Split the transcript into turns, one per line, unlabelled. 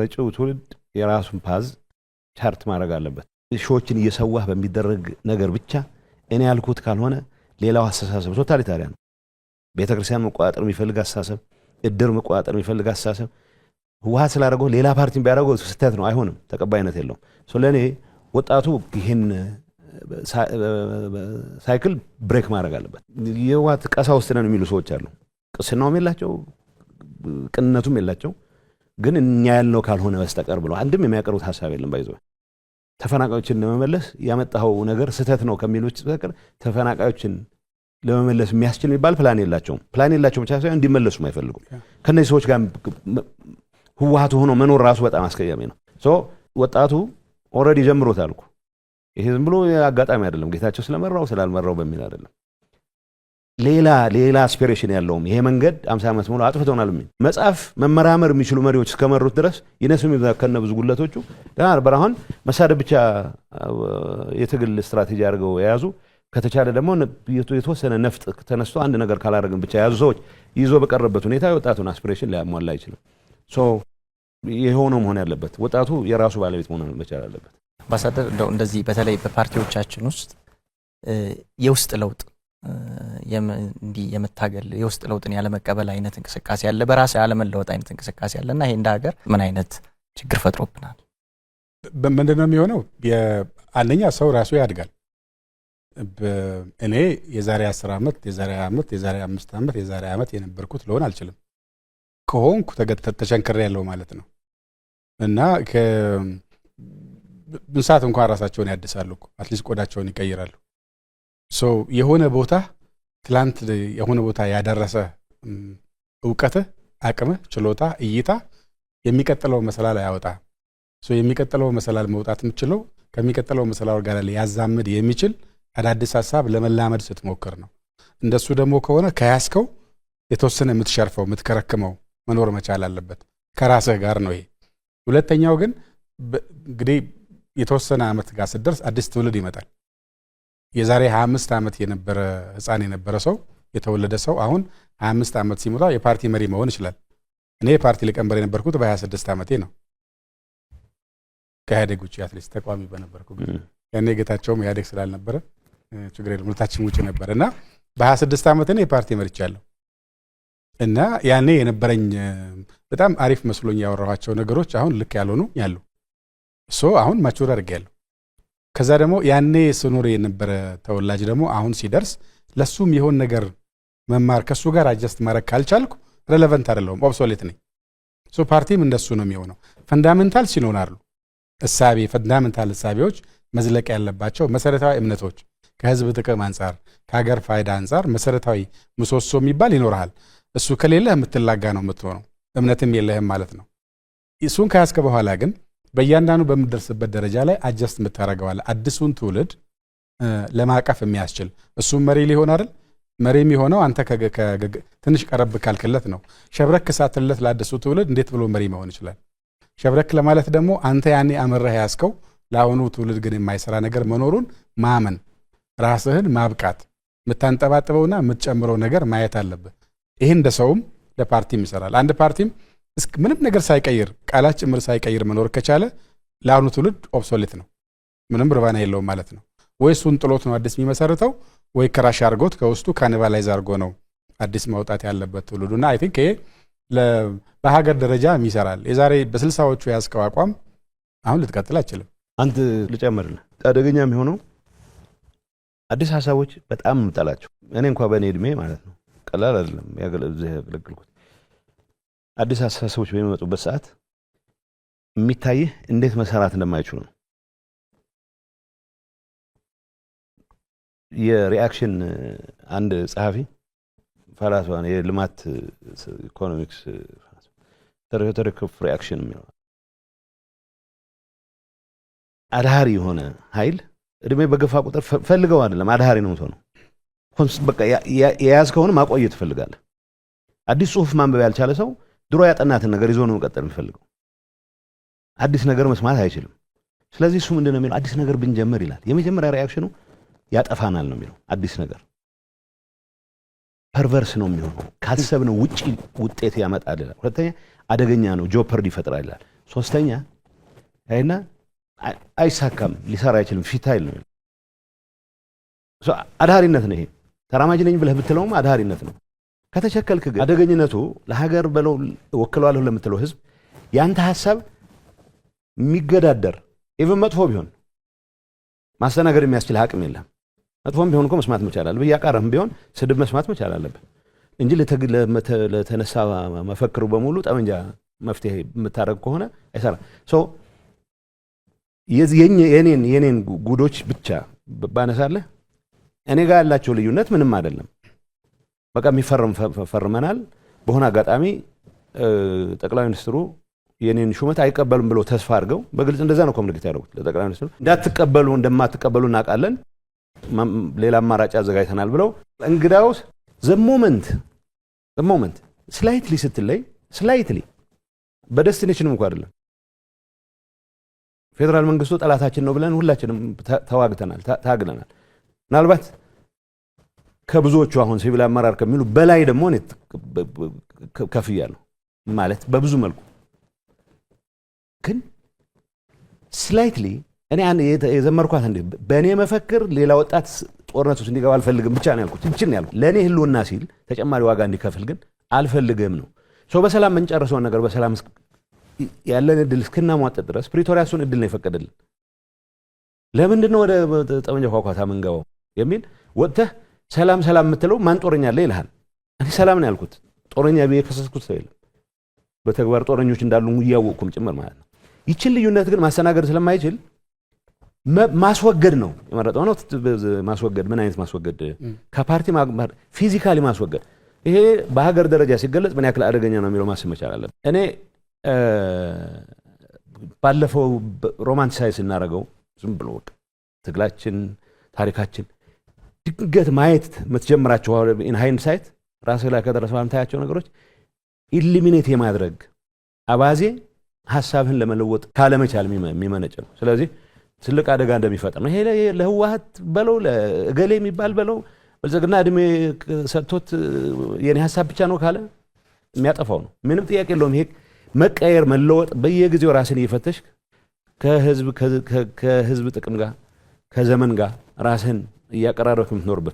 መጪው ትውልድ የራሱን ፓዝ ቻርት ማድረግ አለበት። ሺዎችን እየሰዋህ በሚደረግ ነገር ብቻ እኔ ያልኩት ካልሆነ ሌላው አስተሳሰብ ቶታሊታሪያን ነው። ቤተ ክርስቲያን መቆጣጠር የሚፈልግ አስተሳሰብ፣ እድር መቆጣጠር የሚፈልግ አስተሳሰብ ህወሓት ስላደረገው ሌላ ፓርቲን ቢያደረገው ስህተት ነው፣ አይሆንም፣ ተቀባይነት የለውም። ለእኔ ወጣቱ ይህን ሳይክል ብሬክ ማድረግ አለበት። ቀሳ ውስጥ ነን የሚሉ ሰዎች አሉ። ቅስናውም የላቸው ቅንነቱም የላቸው ግን እኛ ያልነው ካልሆነ በስተቀር ብሎ አንድም የሚያቀርቡት ሀሳብ የለም። ባይዞ ተፈናቃዮችን ለመመለስ ያመጣኸው ነገር ስህተት ነው ከሚሉት በስተቀር ተፈናቃዮችን ለመመለስ የሚያስችል የሚባል ፕላን የላቸውም። ፕላን የላቸው ብቻ ሳይሆን እንዲመለሱም አይፈልጉም። ከእነዚህ ሰዎች ጋር ህወሀቱ ሆኖ መኖር ራሱ በጣም አስቀያሚ ነው። ወጣቱ ኦልሬዲ ጀምሮታል እኮ ይሄ ዝም ብሎ አጋጣሚ አይደለም። ጌታቸው ስለመራው ስላልመራው በሚል አይደለም። ሌላ ሌላ አስፒሬሽን ያለውም ይሄ መንገድ አምሳ ዓመት ሙሉ አጥፍቶናል የሚል መጽሐፍ መመራመር የሚችሉ መሪዎች እስከመሩት ድረስ ይነሱም ከነ ብዙ ጉለቶቹ ደህና ነበር። አሁን መሳደብ ብቻ የትግል ስትራቴጂ አድርገው የያዙ ከተቻለ ደግሞ የተወሰነ ነፍጥ ተነስቶ አንድ ነገር ካላደረግን ብቻ የያዙ ሰዎች ይዞ በቀረበት ሁኔታ የወጣቱን አስፒሬሽን ሊያሟላ አይችልም። የሆነው መሆን ያለበት ወጣቱ የራሱ ባለቤት መሆን መቻል አለበት።
አምባሳደር እንደው እንደዚህ በተለይ በፓርቲዎቻችን ውስጥ የውስጥ ለውጥ እንዲህ የመታገል የውስጥ ለውጥን ያለመቀበል አይነት እንቅስቃሴ አለ፣ በራስ ያለመለወጥ አይነት እንቅስቃሴ አለ እና ይሄ እንደ ሀገር ምን አይነት ችግር ፈጥሮብናል?
ምንድን ነው የሚሆነው? አንደኛ ሰው ራሱ ያድጋል። እኔ የዛሬ አስር ዓመት የዛሬ ዓመት የዛሬ አምስት ዓመት የዛሬ ዓመት የነበርኩት ልሆን አልችልም። ከሆንኩ ተሸንክሬ ያለው ማለት ነው እና ምንሳት እንኳን ራሳቸውን ያድሳሉ፣ አትሊስት ቆዳቸውን ይቀይራሉ። የሆነ ቦታ ትላንት የሆነ ቦታ ያደረሰ እውቀትህ፣ አቅምህ፣ ችሎታ፣ እይታ የሚቀጥለው መሰላል አያወጣ። የሚቀጥለው መሰላል መውጣት የምችለው ከሚቀጥለው መሰላል ጋር ሊያዛምድ የሚችል አዳዲስ ሀሳብ ለመላመድ ስትሞክር ነው። እንደሱ ደግሞ ከሆነ ከያዝከው የተወሰነ የምትሸርፈው የምትከረክመው መኖር መቻል አለበት። ከራስህ ጋር ነው ይሄ። ሁለተኛው ግን እንግዲህ የተወሰነ ዓመት ጋር ስትደርስ አዲስ ትውልድ ይመጣል። የዛሬ 25 ዓመት የነበረ ህፃን የነበረ ሰው የተወለደ ሰው አሁን 25 ዓመት ሲሞላ የፓርቲ መሪ መሆን ይችላል። እኔ የፓርቲ ሊቀመንበር የነበርኩት በ26 ዓመቴ ነው። ከኢህአዴግ ውጭ አትሊስት ተቃዋሚ በነበርኩ ያኔ ጌታቸውም ኢህአዴግ ስላልነበረ ችግር የለም ሁለታችን ውጭ ነበር እና በ26 ዓመት እኔ የፓርቲ መርቻለሁ። እና ያኔ የነበረኝ በጣም አሪፍ መስሎኝ ያወራኋቸው ነገሮች አሁን ልክ ያልሆኑ ያሉ እሶ አሁን ማቹር አድርጌያለሁ። ከዛ ደግሞ ያኔ ስኖር የነበረ ተወላጅ ደግሞ አሁን ሲደርስ ለሱም የሆን ነገር መማር ከሱ ጋር አጀስት ማድረግ ካልቻልኩ ሬሌቨንት አይደለሁም፣ ኦብሶሌት ነኝ። ሶ ፓርቲም እንደሱ ነው የሚሆነው። ፈንዳሜንታል ሲኖናሉ እሳቤ ፈንዳሜንታል እሳቤዎች መዝለቅ ያለባቸው መሰረታዊ እምነቶች ከህዝብ ጥቅም አንጻር ከሀገር ፋይዳ አንጻር መሰረታዊ ምሰሶ የሚባል ይኖርሃል። እሱ ከሌለህ የምትላጋ ነው የምትሆነው፣ እምነትም የለህም ማለት ነው። እሱን ከያዝከ በኋላ ግን በእያንዳንዱ በምደርስበት ደረጃ ላይ አጀስት የምታደርገዋለ አዲሱን ትውልድ ለማቀፍ የሚያስችል እሱም መሪ ሊሆን አይደል መሪ የሚሆነው አንተ ትንሽ ቀረብ ካልክለት ነው። ሸብረክ ሳትለት ለአዲሱ ትውልድ እንዴት ብሎ መሪ መሆን ይችላል? ሸብረክ ለማለት ደግሞ አንተ ያኔ አምረህ ያዝከው ለአሁኑ ትውልድ ግን የማይሰራ ነገር መኖሩን ማመን፣ ራስህን ማብቃት፣ የምታንጠባጥበውና የምትጨምረው ነገር ማየት አለብህ። ይህ እንደ ሰውም ለፓርቲም ይሰራል። አንድ ፓርቲም ምንም ነገር ሳይቀይር ቃላት ጭምር ሳይቀይር መኖር ከቻለ ለአሁኑ ትውልድ ኦብሶሌት ነው፣ ምንም ርባና የለውም ማለት ነው። ወይ እሱን ጥሎት ነው አዲስ የሚመሰርተው፣ ወይ ክራሽ አርጎት ከውስጡ ካኒባላይዝ አርጎ ነው አዲስ ማውጣት ያለበት ትውልዱና አይ ቲንክ ይሄ በሀገር ደረጃ ይሰራል። የዛሬ በስልሳዎቹ የያዝከው አቋም አሁን ልትቀጥል አይችልም።
አንድ ልጨምርልህ፣ አደገኛ የሚሆነው አዲስ ሀሳቦች በጣም ምጠላቸው እኔ እንኳ በእኔ እድሜ ማለት ነው ቀላል አይደለም ያገለግልኩት አዲስ አስተሳሰቦች በሚመጡበት ሰዓት የሚታይህ እንዴት መሰራት እንደማይችሉ ነው። የሪአክሽን አንድ ጸሐፊ ፈላስፋ የልማት ኢኮኖሚክስ ተሪክ ኦፍ ሪአክሽን የሚለው አድሃሪ የሆነ ኃይል እድሜ በገፋ ቁጥር ፈልገው አይደለም አድሃሪ ነው ሰው ነው። በቃ የያዝ ከሆነ ማቆየት ትፈልጋለህ። አዲስ ጽሁፍ ማንበብ ያልቻለ ሰው ድሮ ያጠናትን ነገር ይዞ ነው መቀጠል የሚፈልገው። አዲስ ነገር መስማት አይችልም። ስለዚህ እሱ ምንድን ነው የሚለው አዲስ ነገር ብንጀምር ይላል። የመጀመሪያ ሪያክሽኑ ያጠፋናል ነው የሚለው። አዲስ ነገር ፐርቨርስ ነው የሚሆነው፣ ካሰብነው ውጪ ውጤት ያመጣል ይላል። ሁለተኛ አደገኛ ነው፣ ጆፐርድ ይፈጥራል ይላል። ሶስተኛ አይና አይሳካም፣ ሊሰራ አይችልም፣ ፊታይል ነው። አድሃሪነት ነው ይሄ። ተራማጅ ነኝ ብለህ ብትለውም አድሃሪነት ነው። ከተሸከልክ ግን አደገኝነቱ ለሀገር በለው ወክለዋለሁ ለምትለው ህዝብ ያንተ ሀሳብ የሚገዳደር ኢቨን መጥፎ ቢሆን ማስተናገድ የሚያስችል አቅም የለም። መጥፎም ቢሆን እኮ መስማት መቻል አለብህ። እያቃረህም ቢሆን ስድብ መስማት መቻል አለብህ እንጂ ለተነሳ መፈክሩ በሙሉ ጠመንጃ መፍትሄ የምታደረግ ከሆነ አይሰራም። የኔን ጉዶች ብቻ ባነሳለህ እኔ ጋር ያላቸው ልዩነት ምንም አይደለም። በቃ የሚፈርም ፈርመናል። በሆነ አጋጣሚ ጠቅላይ ሚኒስትሩ የኔን ሹመት አይቀበሉም ብሎ ተስፋ አድርገው በግልጽ እንደዛ ነው ኮሚኒኬት ያደረጉት ለጠቅላይ ሚኒስትሩ። እንዳትቀበሉ እንደማትቀበሉ እናውቃለን፣ ሌላ አማራጭ አዘጋጅተናል ብለው እንግዳውስ ዘሞመንት ዘሞመንት ስላይትሊ ስትለይ ስላይትሊ በደስቲኔሽንም እንኳ አይደለም ፌዴራል መንግስቱ ጠላታችን ነው ብለን ሁላችንም ተዋግተናል ታግለናል ምናልባት ከብዙዎቹ አሁን ሲቪል አመራር ከሚሉ በላይ ደግሞ ነው ማለት በብዙ መልኩ ግን ስላይትሊ እኔ የዘመርኳት እንደ በእኔ መፈክር ሌላ ወጣት ጦርነት ውስጥ እንዲገባ አልፈልግም ብቻ ነው ያልኩት። ነው ያልኩት ለእኔ ህልውና ሲል ተጨማሪ ዋጋ እንዲከፍል ግን አልፈልግም ነው። ሰው በሰላም የምንጨርሰውን ነገር በሰላም ያለን እድል እስክናሟጠጥ ድረስ ፕሪቶሪያ እሱን እድል ነው የፈቀደልን። ለምንድን ነው ወደ ጠመንጃ ኳኳታ የምንገባው የሚል ወጥተህ ሰላም ሰላም የምትለው ማን ጦረኛ አለ ይልሃል። እኔ ሰላም ነው ያልኩት፣ ጦረኛ ብዬ የከሰስኩት ሰው የለም። በተግባር ጦረኞች እንዳሉ እያወቅኩም ጭምር ማለት ነው። ይችን ልዩነት ግን ማስተናገድ ስለማይችል ማስወገድ ነው የመረጠው ነው። ማስወገድ ምን አይነት ማስወገድ? ከፓርቲ ፊዚካሊ ማስወገድ። ይሄ በሀገር ደረጃ ሲገለጽ ምን ያክል አደገኛ ነው የሚለው ማስብ መቻል አለብን። እኔ ባለፈው ሮማንቲሳይዝ እናደርገው ዝም ብሎ ትግላችን ታሪካችን ድንገት ማየት የምትጀምራቸው ኢንሃይንድ ሳይት ራሴ ላይ ከደረሰ የምታያቸው ነገሮች ኢሊሚኔት የማድረግ አባዜ ሀሳብህን ለመለወጥ ካለመቻል የሚመነጭ ነው። ስለዚህ ትልቅ አደጋ እንደሚፈጥር ነው። ይሄ ለህወሀት በለው ለእገሌ የሚባል በለው ብልጽግና እድሜ ሰጥቶት የኔ ሀሳብ ብቻ ነው ካለ የሚያጠፋው ነው። ምንም ጥያቄ የለውም። ይሄ መቀየር መለወጥ፣ በየጊዜው ራስን እየፈተሽ ከህዝብ ጥቅም ጋር ከዘመን ጋር ራስህን እያቀራረብክ የምትኖርበት